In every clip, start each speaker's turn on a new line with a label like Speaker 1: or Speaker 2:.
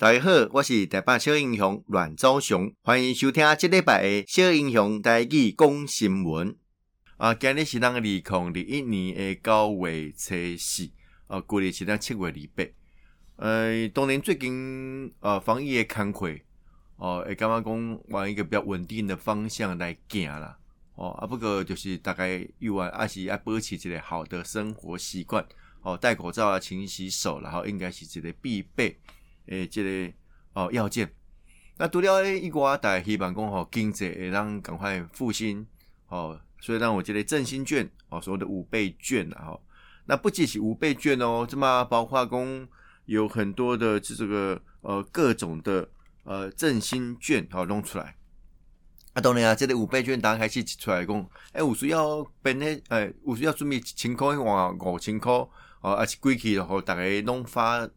Speaker 1: 大家好，我是台北小英雄阮昭雄，歡迎收聽啊，這禮拜嘅小英雄台語公新聞啊。今日是二零二一年嘅九月初四，啊、呃，過嚟是兩七月二八。誒、呃，當然最近啊、呃，防疫嘅工作哦，會感覺講往一個比較穩定的方向來行啦。哦、呃啊，不過就是大概欲望還是要保持一個好的生活習慣哦，戴口罩啊，勤洗手，然後應該是一個必備。誒，即、欸這個哦，要件，那除了咧，一寡大家希望講吼、哦、經濟會當趕快復興吼、哦，所以讓我即個振興券哦，所謂的五倍券啊吼，那不僅是五倍券哦，怎麼包括講有很多的這個呃各種的呃振興券啊弄出來，啊當然啊，即、這個五倍券打開起出來講，誒、欸，我是要辦咧，誒、欸，我是要準備一千塊換五千塊，哦，啊是歸期咯，吼大家弄發。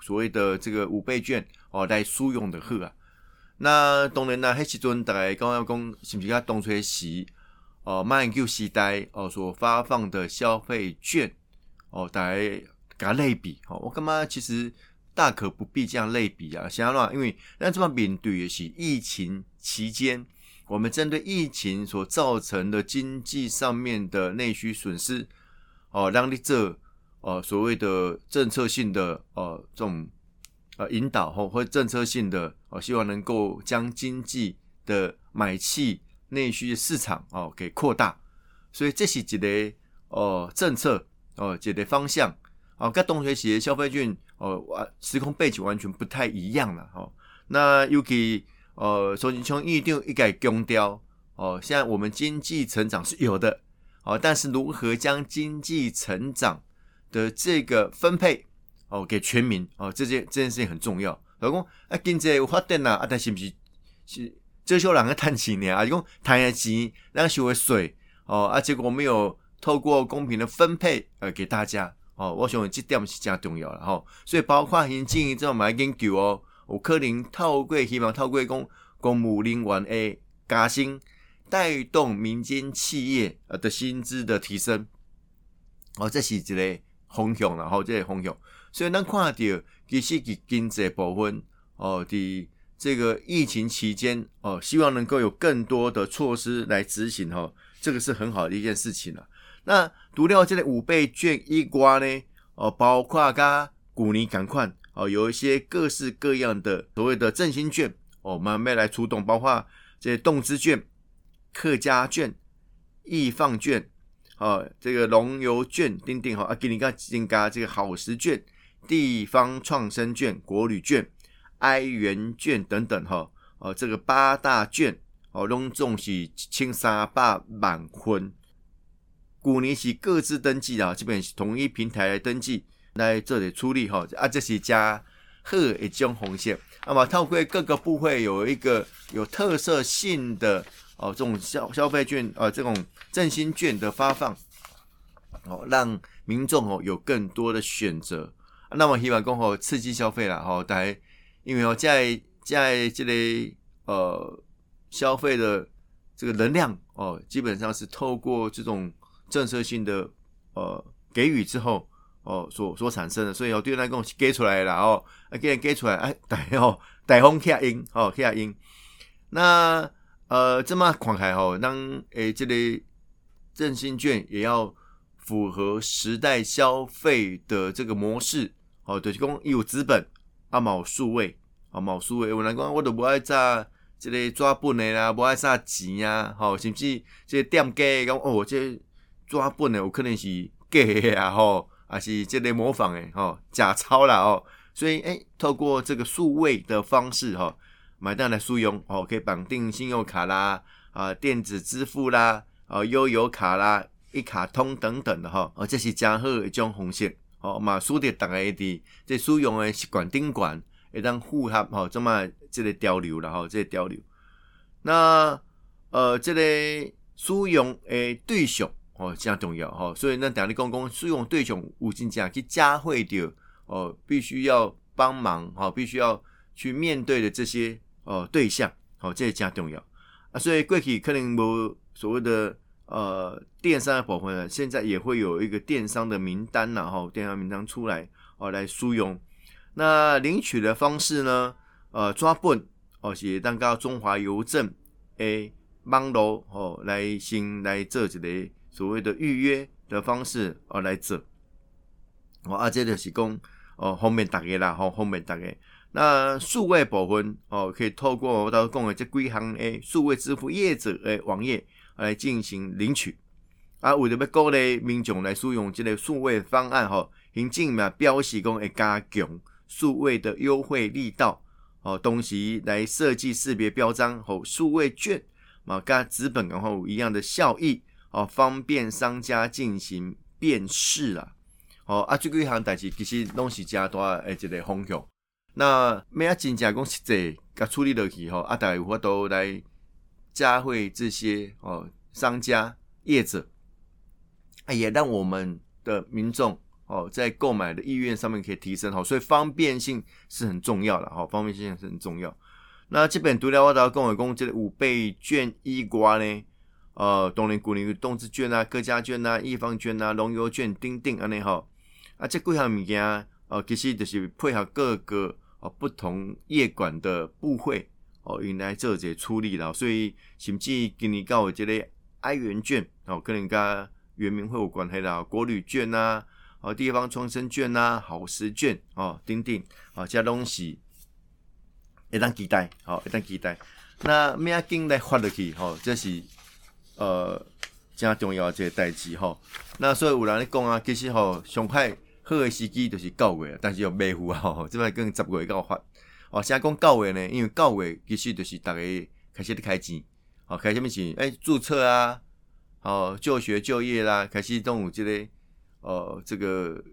Speaker 1: 所謂的這個五倍券哦，來使用的好啊。那當然啦、啊，黑一陣大概剛要講是不是講東區西哦，馬英九時代哦所發放的消費券哦，大概給他類比哦。我幹嘛其實大可不必這樣類比啊？想一想，因為那這麼面對的是疫情期間，我們針對疫情所造成的經濟上面的內需損失哦，讓你這。呃，所謂的政策性的呃這種呃引導吼，或政策性的呃，希望能夠將經濟的買氣、內需的市場哦、呃、給擴大，所以這是幾類哦政策哦幾類方向哦、呃，跟東學企業消費券哦完、呃、時空背景完全不太一樣了吼、呃。那尤其呃說你從一定一改強調，哦、呃，現在我們經濟成長是有的哦、呃，但是如何將經濟成長？的這個分配哦，給全民哦，這件這件事情很重要。阿、就、講、是、啊，經濟有發展吶、啊，啊，但是不是是增收兩個談錢咧？阿講談下錢，兩個收個稅哦，啊，結果沒有透過公平的分配呃給大家哦，我想這點是真重要啦吼、哦。所以包括新經濟之後買更久哦，有可能透過希望透過公公務人員的加薪，帶動民間企業呃的薪資的提升哦，這是一類。方向然、啊、後、哦、這個、方向，所以咱看到，其實在經濟部分哦，在這個疫情期間哦，希望能夠有更多的措施來執行哦，這個是很好的一件事情了、啊。那除了這些五倍券以外呢，哦，包括噶古民趕款哦，有一些各式各樣的所謂的振興券哦，慢慢來出動，包括這些動資券、客家券、易放券。哦，這個農遊券、釘釘哈啊，給你看釘釘，這個好食券、地方創生券、國旅券、藝 FUN 券等等哈、哦。哦，這個八大券，哦，攏總是青山壩滿婚，古年是各自登記啊、哦，這邊是同一平台的登記來這裡處理哈、哦、啊，這是加賀一種紅線，那麼透過各個部會有一個有特色性的。哦，這種消消費券，呃、啊，這種振興券的發放，哦，讓民眾哦有更多的選擇、啊。那麼希望說、哦、刺激消費啦，好、哦，但因為哦，在在這類呃消費的這個能量哦，基本上是透過這種政策性的呃給予之後哦、呃、所所產生的，所以哦，對，那給我給出來了哦，給、啊、給出來，哎、啊哦，颱風颱風卡音，哦卡音，那。呃，這麼看起來吼，當誒，這個振興券也要符合時代消費的這個模式，哦，就是講有資本啊，冇數位，啊冇數位，有人我講我都不愛在這類抓本的啦，啊，不愛啥錢啊，哦，甚至這個店家講哦，這個，抓本的有可能是假的啊，吼，哦，還是這類模仿的，吼，哦，假鈔啦，哦，所以誒、欸，透過這個數位的方式，哦，吼。買單來使用哦，可以綁定信用卡啦，啊，電子支付啦，啊，悠遊卡啦，一卡通等等的哈，啊、哦，這是加好的一種方式哦，嘛，使得大家的這使用誒是管定管，會當復合吼，做嘛即個交流啦吼，即、哦這個交流。那呃，即、這個使用誒對象哦，即樣重要哈、哦，所以咱電力公公使用對象有進講去加會掉哦，必須要幫忙哈、哦，必須要去面對的這些。哦，對象，好、哦，這些加重要啊，所以過去可能無所謂的呃電商的部分呢，現在也會有一個電商的名單啦、啊。哈、哦，電商名單出來哦，來輸用。那領取的方式呢？呃，抓本哦，寫當告中華郵政誒，幫樓哦，來行來做這個所謂的預約的方式哦來做。哦，啊，這就是講哦，方便大家啦，好、哦，方便大家。那數位部分哦，可以透過我剛剛講的這幾行誒數位支付業者誒網頁來進行領取。啊，為了要鼓勵民眾來使用這個數位方案，吼，行政也表示講會加強數位的優惠力道，哦，東西來設計識別標章吼，數位券嘛、啊，跟紙本然、啊、後一樣的效益，哦，方便商家進行辨識啦。哦啊,啊，這幾行代誌其實東西加多誒，這個方向。那咩啊？沒真正講實際，甲處理落去吼，啊，大家有法度來嘉惠這些哦、啊、商家業者，哎，也讓我們的民眾哦、啊、在購買的意願上面可以提升好、啊，所以方便性是很重要的好、啊，方便性是很重要。那這邊除了我倒跟我講，即五倍券以外呢？呃、啊，東林鼓勵、動滋券啊、各家券啊、地方券啊、農遊券，、啊、券、等等安尼吼，啊，即幾項物件啊，哦、啊，其實就是配合各個。哦，不同業管的部會哦，用來做這處理了，所以甚至今年到的這個哀園券哦，跟人家圓明會有關係啦，國旅券吶、啊，哦，地方創生券吶、啊，好食券哦，等等，哦，這東西，會、哦、當期待，哦，會當期待，那明仔今發落去，吼、哦，這是呃，真重要的一個代志吼，那所以有人咧講啊，其實吼、哦，上海。好嘅時機著是九月，但是又未赴付吼，即擺更十月才有法。哦，啥講九月，月呢，因為九月其實著是逐個開始著開錢，開啥物錢？誒註冊啊，哦，就學就業啦，開始都有即、這個哦，即、呃這個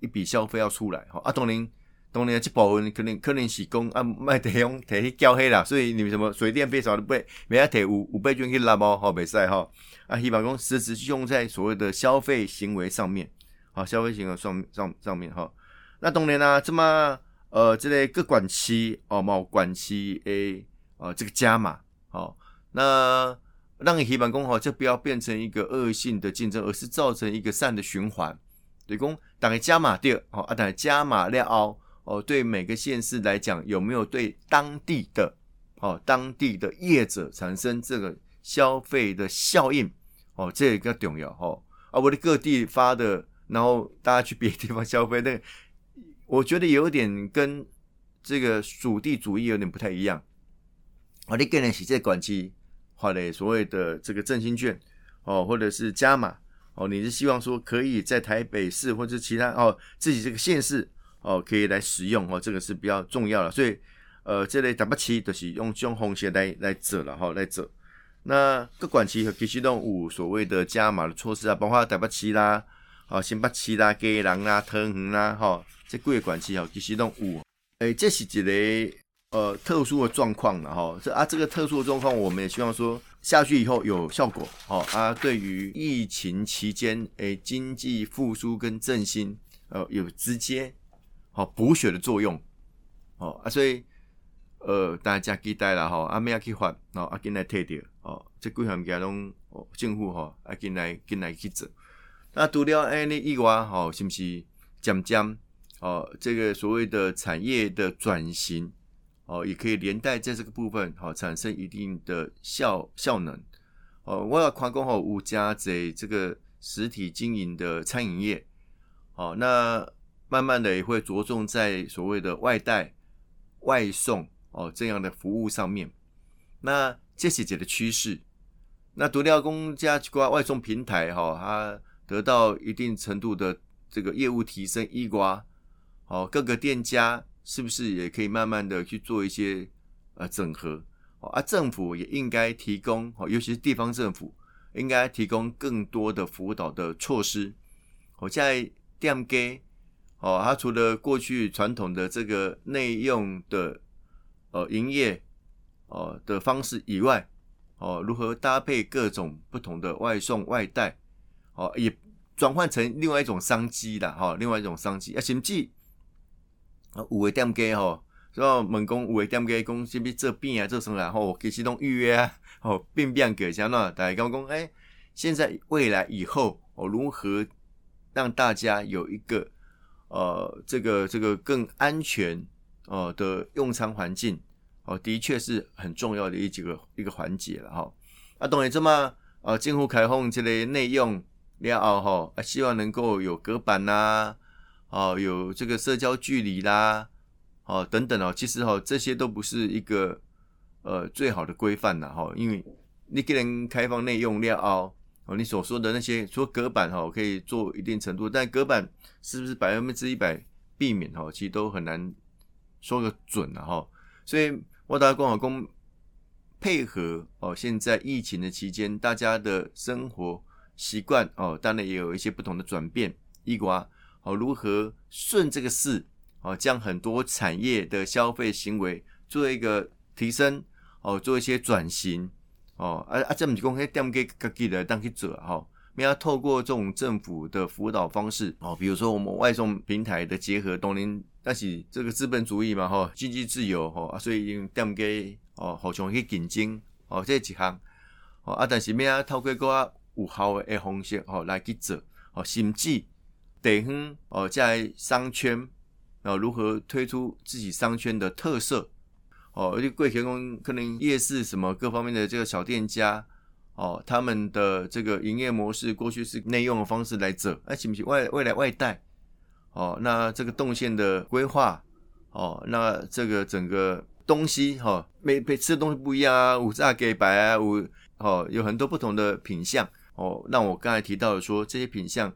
Speaker 1: 一筆消費要出來。吼。啊，當然當然即部分可能可能是講啊，莫提用摕去交迄啦，所以你們什麼水電費啥少不？不曉提有有百元去拉無吼未使吼。啊，希望講，實質是用在所謂的消費行為上面。好，消費型的上上上，上面哈、哦，那當然啦、啊，這麼呃，這類各管區哦，某管區 A 哦，這個加碼好、哦，那讓你基本工哈，就不要變成一個惡性的競爭，而是造成一個善的循環。大家對公，打個加碼掉，哦啊，打個加碼掉哦，哦，對每個縣市來講，有沒有對當地的哦，當地的業者產生這個消費的效應？哦，這個比較重要哦，啊，我的各地發的。然後大家去別的地方消費，那我覺得有點跟這個屬地主義有點不太一樣。哦，你個人是這管區發的所謂的這個振興券哦，或者是加碼哦，你是希望說可以在台北市或者其他，哦，自己這個縣市哦，可以來使用哦，這個是比較重要的。所以呃，這類台北市都是用用紅線來來走了哈，來走、哦。那各管區和各區動務所謂的加碼的措施啊，包括台北市啦。哦，先把其啦家人啦、湯圓啦，吼、喔，這幾個關係吼，其實攏有。誒、欸，這是一個呃特殊的狀況了，吼、喔。這啊，這個特殊的狀況，我們也希望說下去以後有效果，吼、喔，啊。對於疫情期間，誒、欸，經濟復蘇跟振興，呃，有直接好補、喔、血的作用，哦、喔、啊。所以，呃，大家期待啦，吼、喔，暗暝要去發，換、喔，哦、啊，今仔日退掉，哦、喔，這幾項嘢攏政府，吼、喔，今仔日，今仔日去做。那獨料安尼一寡，吼，是不是講講哦？這個所謂的產業的轉型哦，也可以連帶在這個部分好、哦、產生一定的效效能哦。我要看功好五家在這個實體經營的餐飲業好、哦，那慢慢的也會着重在所謂的外帶、外送哦，這樣的服務上面。那這是怎的趨勢？那獨料公家一寡外送平台哈、哦，它。得到一定程度的這個業務提升，一刮，哦，各個店家是不是也可以慢慢的去做一些呃整合？哦、啊，政府也應該提供，哦、尤其是地方政府應該提供更多的輔導的措施。哦，在店家，哦，它除了過去傳統的這個內用的呃營業哦、呃、的方式以外，哦，如何搭配各種不同的外送外帶？哦，也轉換成另外一種商機啦，哈、哦，另外一種商機啊，甚至、啊、有的店家吼、哦，說吧？門工有的店家講，是不是這邊啊，做什麼？然後我可以系統預約啊，哦，變變、啊哦、給然後大家講講，哎、欸，現在未來以後，哦，如何讓大家有一個呃，這個這個更安全哦、呃、的用餐環境，哦，的確是很重要的一幾個一個環節了，哈、哦。啊，懂於這麼呃，政府開放這類內用。料吼、啊，希望能夠有隔板吶、啊，哦、啊、有這個社交距離啦、啊，哦、啊、等等哦、啊，其實吼、啊、這些都不是一個呃，最好的規範了吼，因為你給人開放內用料哦，哦、啊、你所說的那些說隔板吼、啊、可以做一定程度，但隔板是不是百分之一百避免吼、啊，其實都很難說個準了、啊、吼、啊，所以萬達廣好公配合哦、啊，現在疫情的期間大家的生活習慣哦，當然也有一些不同的轉變。伊寡哦，如何順這個勢哦，將很多產業的消費行為做一個提升哦，做一些轉型哦。啊啊，這唔是講許店家自己來當去做吼，咩、哦、啊？要透過這種政府的輔導方式哦，比如說我們外送平台的結合，當然但是這個資本主義嘛吼、哦，經濟自由吼、哦，所以店家哦互相去競爭哦，這一行哦啊，但是咩啊？透過嗰啊。有效的誒方式哦來去做哦，甚至地方哦在商圈哦如何推出自己商圈的特色哦，就貴客公可能夜市什麼各方面的這個小店家哦，他們的這個營業模式過去是內用的方式來走，哎、啊、行不行？外外來外帶哦，那這個動線的規劃哦，那這個整個東西哈，每、哦、每吃的東西不一樣啊，有炸給百啊，有哦有很多不同的品項。哦，那我剛才提到的說這些品項，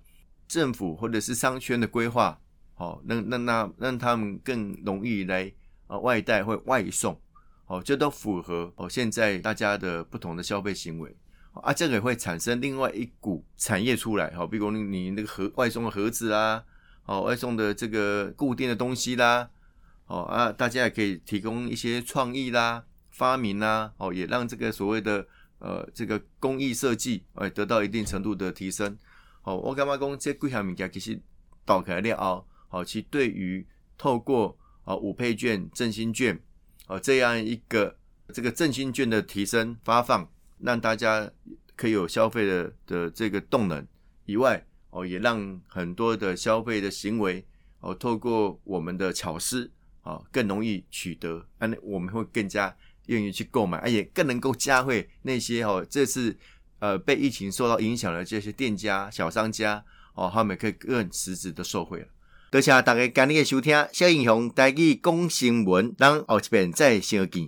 Speaker 1: 政府或者是商圈的規劃，好、哦，讓讓那讓他們更容易來啊、呃、外帶或外送，好、哦，這都符合哦現在大家的不同的消費行為、哦、啊，這個也會產生另外一股產業出來，好、哦，比如你你那個盒外送的盒子啦、啊，哦外送的這個固定的東西啦、啊，哦啊大家也可以提供一些創意啦、發明啦、啊，哦也讓這個所謂的。呃，這個工藝設計，哎，得到一定程度的提升。好、哦，我剛剛講這貴項物件其實導開了哦。好，其對於透過啊、哦、五倍券、振興券哦，這樣一個這個振興券的提升發放，讓大家可以有消費的的這個動能以外，哦，也讓很多的消費的行為，哦，透過我們的巧思，哦，更容易取得，那我們會更加。願意去購買，而且更能夠加惠那些哦、喔，這次呃被疫情受到影響的這些店家、小商家哦，他、喔、們可以更實質的受惠了。多謝、啊、大家今日的收聽，小英雄帶去講新聞，咱後一遍，再相見。